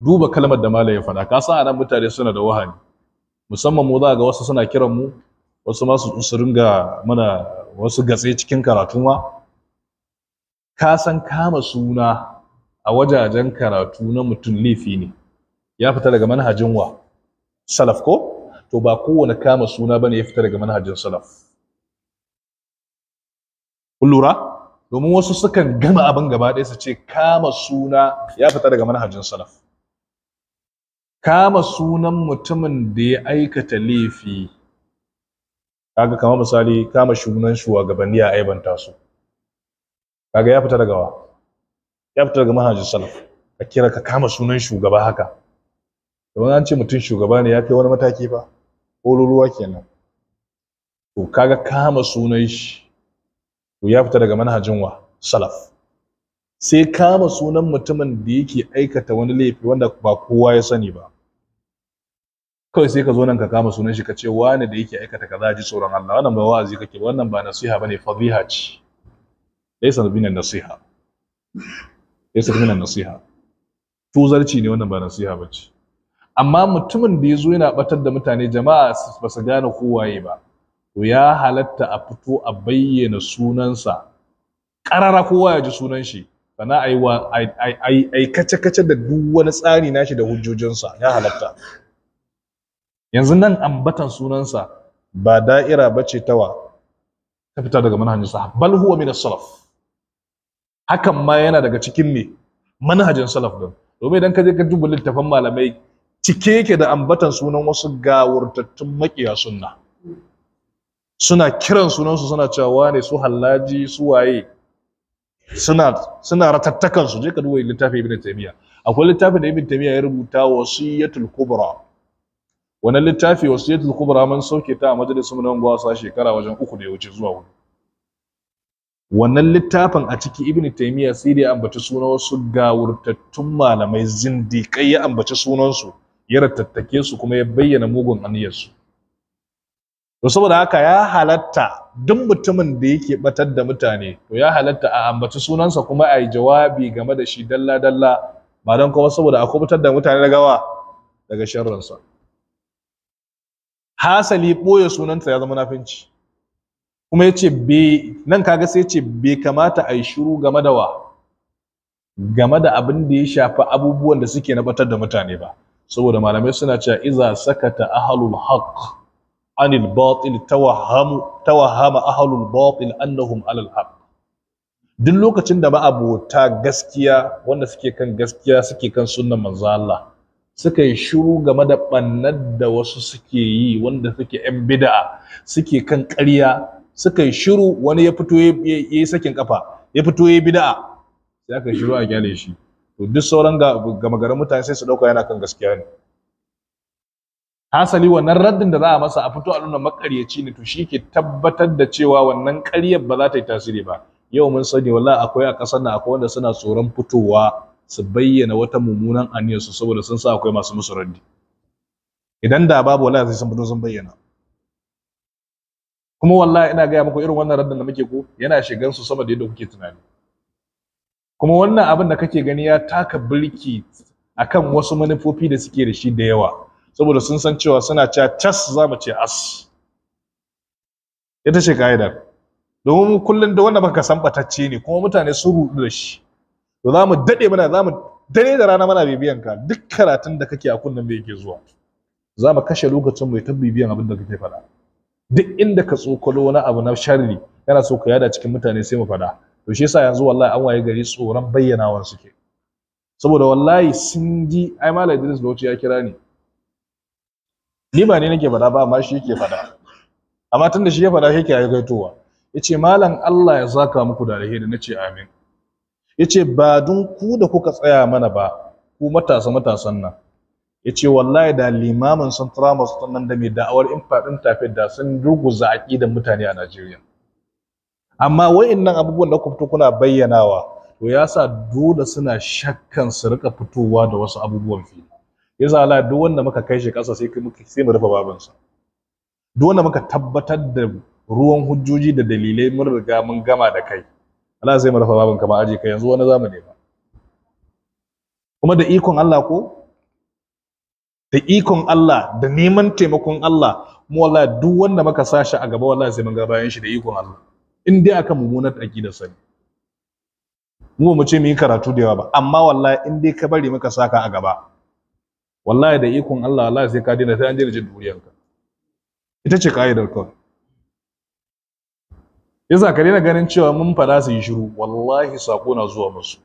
duba kalmar da malam ya faɗa ka san anan mutane suna da wahani musamman mu za ga wasu suna kiran mu wasu ma su ringa mana wasu gatse cikin karatu ma ka san kama suna a wajajen karatu na mutum laifi ne ya fita daga manhajin wa salaf ko to ba kowane kama suna bane ya fita daga manhajin salaf kun lura domin wasu sukan gama abin gaba ɗaya su ce kama suna ya fita daga manhajin salaf kama sunan mutumin da ya aikata laifi kaga kama misali kama sunan shugabanni a aibanta su kaga ya fita daga wa ya fita daga manhajin salaf ka kira ka kama sunan shugaba haka domin an ce mutum shugaba ne ya kai wani mataki ba ƙololuwa kenan to kaga kama sunan shi to ya fita daga manhajin wa salaf sai kama sunan mutumin da yake aikata wani laifi wanda ba kowa ya sani ba kawai sai ka zo nan ka kama sunan shi ka ce wani da yake aikata kaza ji tsoron Allah wannan ba wa'azi kake wannan ba nasiha bane fadhiha ce laysa min nasiha laysa min nasiha tuzarci ne wannan ba nasiha bace amma mutumin da ya zo yana batar da mutane jama'a ba su gane ko waye ba to ya halatta a fito a bayyana sunansa ƙarara kowa ya ji sunan shi sannan a yi kace-kace da duk wani tsari nashi da hujjojinsa ya halatta yanzu nan ambatan sunansa ba da'ira ba ce tawa ta fita daga manhajin sa bal huwa min salaf hakan ma yana daga cikin me manhajin salaf din domin idan ka je ka duba littafin malamai cike yake da ambatan sunan wasu gawurtattun makiya sunna suna kiran sunansu suna cewa ne su hallaji su waye suna suna ratattakan su je ka duba littafin ibn taymiya akwai littafin da ibn taymiya ya rubuta wasiyatul kubra wannan littafi wasiyatul kubra man sauke ta a majalisun nan gwasa shekara wajen uku da ya wuce zuwa hudu wannan littafin a ciki ibn taymiya sai da ya ambaci sunan wasu gawurtattun malamai zindiƙai ya ambaci sunansu ya rattattake su kuma ya bayyana mugun aniyarsu to saboda haka ya halatta duk mutumin da yake batar da mutane to ya halatta a ambaci sunansa kuma a jawabi game da shi dalla dalla ba don kuma saboda a kubutar da mutane daga wa daga sharransa. hasali ɓoye sunanta ya zama nafinci kuma yace ce nan kaga sai ce bai kamata a yi shiru game da wa game da abin da ya shafi abubuwan da suke na batar da mutane ba saboda malamai suna cewa iza sakata ahlul haqq عن الباطل توهم توهم أهل الباطل أنهم alal الحق duk lokacin da ma'abota gaskiya wanda suke kan gaskiya suke kan sunnan manzo Allah shiru game da bannar da wasu suke yi wanda suke yan bida'a suke kan ƙarya suka shiru wani ya fito ya sakin kafa ya fito ya bida'a. sai aka shiru a gyale shi to duk sauran ga garin mutane sai su dauka yana kan gaskiya ne hasali wannan raddin da za a masa a fito a nuna makaryaci ne to shi ke tabbatar da cewa wannan karyar ba za ta yi tasiri ba yau mun sani wallahi akwai a ƙasar nan akwai wanda suna tsoron fitowa su bayyana wata mummunan aniyar su saboda sun sa akwai masu musu raddi idan da babu wallahi sai sun fito sun bayyana kuma wallahi ina gaya muku irin wannan raddin da muke ku yana shigan su sama da yadda kuke tunani kuma wannan abin da kake gani ya taka birki akan wasu manufofi da suke da shi da yawa saboda sun san cewa suna cewa cas za mu ce as ita ce ka'idar domin kullum da wanda baka san batacce ne kuma mutane sun rudu da shi to za mu daɗe mana za mu dare da rana mana bibiyan ka duk karatun da kake a kunnen da yake zuwa za mu kashe lokacin mai ta bibiyan abin da kake faɗa duk inda ka tsokalo wani abu na sharri yana so ka yada cikin mutane sai mu faɗa to shi yasa yanzu wallahi an waye gari tsoron bayyanawa suke saboda wallahi sun ji ai malam Idris Bauchi ya kira ni ni ba ni nake faɗa ba amma shi yake faɗa amma tun da shi ya faɗa yake ya gaitowa yace malam Allah ya saka muku da alheri nace amin yace ba dun ku da kuka tsaya mana ba ku matasa matasan nan yace wallahi da limamin sun tura masu nan da mai da'awar in faɗin tafi da sun ruguza aƙidar mutane a Najeriya amma nan abubuwan da ku fito kuna bayyanawa to ya sa dole suna shakkan su rika fitowa da wasu abubuwan fili ya Allah duk wanda muka kai shi ƙasa sai sai mu rufe babansa duk wanda muka tabbatar da ruwan hujjoji da dalilai mun riga mun gama da kai Allah sai mu rufe ka ba aje kai yanzu wani zamani ba kuma da ikon Allah ko da ikon Allah da neman taimakon Allah mu wallahi duk wanda muka sashi a gaba wallahi sai mun ga bayan shi da ikon Allah in dai aka mummunar aqidar sa ne mu mu ce mu yi karatu da yawa ba amma wallahi in dai ka bari muka saka a gaba wallahi da ikon Allah Allah sai ka dina sai an daina jin ka ita ce ka'idar kawai yasa ka daina ganin cewa mun fada su yi shiru wallahi sako na zuwa musu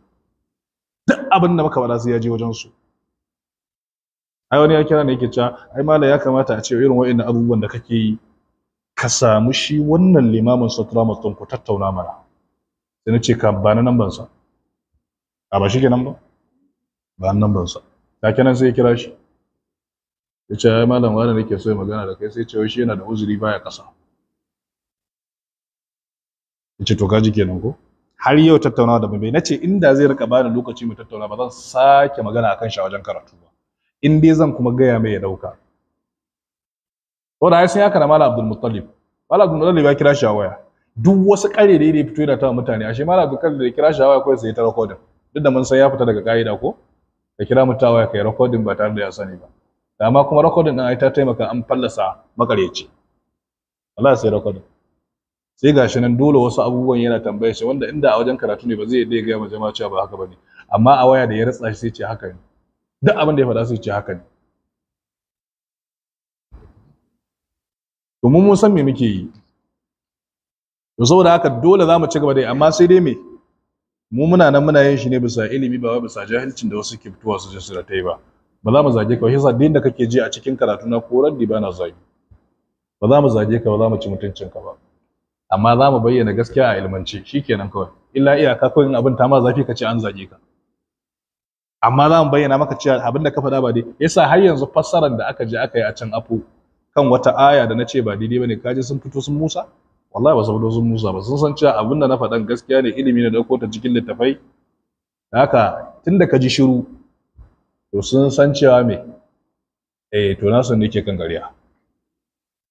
duk abin da muka fada su ya je wajen su ai wani ya kira ne yake cewa ai mala ya kamata a ce irin wa'annan abubuwan da kake yi ka samu shi wannan limamin satramas din ku tattauna mana sai na ce ka ba na nan sa a ba shi nan ba ba nan ban sa take nan sai ya kira shi ya ce ai malam wani nake so magana da kai sai ce shi yana da uzuri baya kasa ya ce to kaji kenan ko har yau tattaunawa da bambai nace inda zai rika bani lokaci mu tattauna ba zan sake magana akan shi a wajen karatu ba in dai zan kuma gaya mai ya dauka saboda sai ya kana malam Abdul Muttalib malam Abdul Muttalib ya kira shi a waya duk wasu kare da ya fito yana ta mutane ashe malam Abdul Muttalib ya kira shi a waya kawai sai ta recording duk da mun san ya fita daga ka'ida ko ka kira mutum waya kai recording ba tare da ya sani ba Dama kuma recording din ai ta taimaka an fallasa makareci Allah sai recording sai gashi nan dole wasu abubuwan yana tambaye shi wanda inda a wajen karatu ne ba zai iya gaya ma jama'a cewa ba haka bane amma a waya da ya ratsa shi sai ce haka ne duk abin da ya faɗa sai ce haka ne domin mun san me muke yi to saboda haka dole za mu ci gaba dai amma sai dai me mu muna nan muna yin shi ne bisa ilimi ba bisa jahilcin da wasu ke fitowa su je da ta yi ba ba za mu zage ka yasa din da kake ji a cikin karatu na ko raddi bana zagi ba za mu zage ka ba za mu ci mutuncin ka ba amma za mu bayyana gaskiya a ilmance shikenan kawai illa iyaka ko in abin ta ma zafi ka ce an zage ka amma za mu bayyana maka cewa abin da ka faɗa ba dai yasa har yanzu fassarar da aka je aka yi a can afu kan wata aya da na ce ba daidai bane kaje sun fito sun musa wallahi ba saboda sun musa ba sun san cewa abin da na faɗan gaskiya ne ilimi ne da ta cikin littafai haka tun da ka ji shiru to sun san cewa me eh to san ne ke kan gariya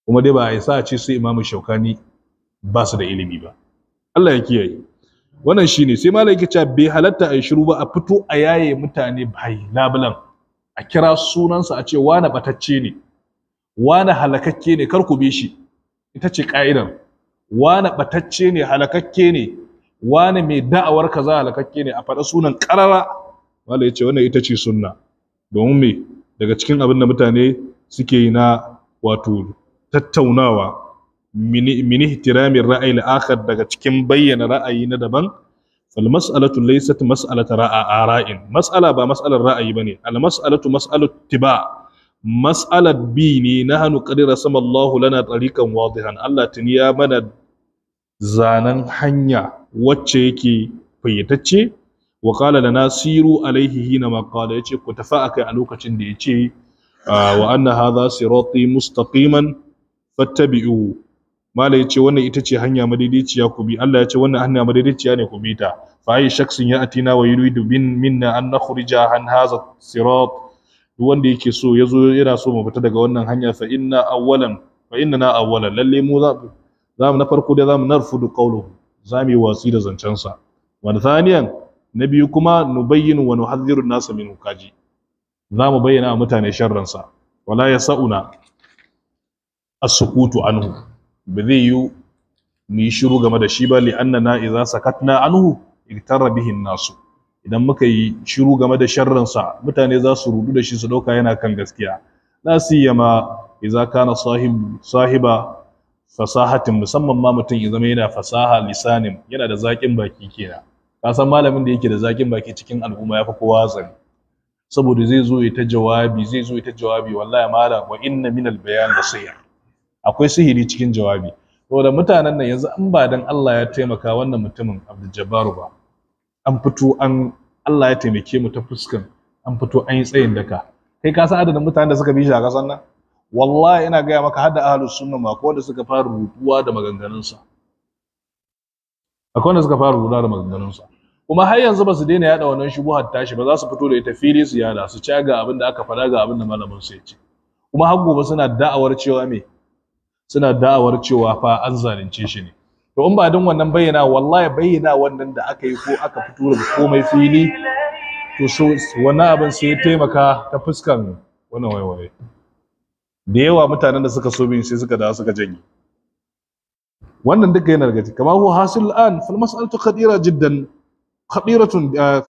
kuma dai ba a yi sa ce su imamu shaukani ba su da ilimi ba Allah ya kiyaye wannan shine sai malai yake bai halatta a shiru ba a fito a yaye mutane bai labulan a kira sunansa a ce wani batacce ne wani halakakke ne kar ku bi shi ita ce ka'idar wane batacce ne halakakke ne wane mai da'awar ka za halakakke ne a faɗa sunan ƙarara wala ya ce wannan ita ce sunna domin me daga cikin abin da mutane suke yi na wato tattaunawa mini ihtiramin ra'ayi la'akar daga cikin bayyana ra'ayi na daban fal mas'alatu laysat mas'alat ra'a ra'in mas'ala ba mas'alar ra'ayi bane al mas'alatu mas'alat tiba mas'alat bi ne nahnu qadira sama Allahu lana ɗarikan wadihan Allah tuni ya mana zanen hanya wacce yake fayyatacce wa qala lana siru alaihi hina ma qala yace ku tafi akai a lokacin da yace ah, wa anna hadha sirati mustaqiman fattabi'u mala yace wannan ita ce hanya madaidaiciya ku bi Allah yace wannan hanya madaidaiciya ne ku bi ta fa shaksin ya atina wa yuridu bin minna an nakhrija an hadha sirat wanda yake so yazo yana so mu fita daga wannan hanya fa inna awwalan fa mu zamu na farko dai zamu narfudu qawluhu zamu yi watsi da zancen sa wa thaniyan na biyu kuma nubayyinu wa nuhadhiru an nasa min kaji zamu bayyana mutane sharransa. wala yasauna as-sukutu anhu ba zai yi mu yi shiru game da shi ba li annana idza sakatna anhu iktara bihi an nasu. idan muka yi shiru game da sharransa, mutane za su rudu da shi su dauka yana kan gaskiya la siyama idza kana sahib sahiba fasahatin musamman ma mutum ya zama yana fasaha lisanin yana da zaƙin baki kenan ka san malamin da yake da zaƙin baki cikin al'umma ya fi kowa zani saboda zai zo ya ta jawabi zai zo ya ta jawabi wallahi mala wa inna minal bayan da sayar akwai sihiri cikin jawabi saboda mutanen nan yanzu an ba dan Allah ya taimaka wannan mutumin Abdul ba an fito an Allah ya taimake mu ta fuskan an fito an yi tsayin daka kai ka san adadin mutanen da suka bi shi a kasan nan wallahi ina gaya maka hada ahlus sunna ma ko da suka fara rubuwa da sa akwai wanda suka fara rubuwa da maganganunsa kuma har yanzu ba su daina yada wannan shubuhar tashi ba za su fito da ita fili su yada su ci ga abin da aka faɗa ga abin da malamin su ya ce kuma har gobe suna da'awar cewa me suna da'awar cewa fa an zalunce shi ne to in ba din wannan bayyana wallahi bayyana wannan da aka yi ko aka fito da komai fili to so wannan abin sai ya taimaka ta fuskan wannan waiwaye da yawa mutanen da suka so bin sai suka dawo suka janye wannan duka yana daga cikin kamar huwa hasil an fal mas'alatu khadira jiddan khadiratun ah,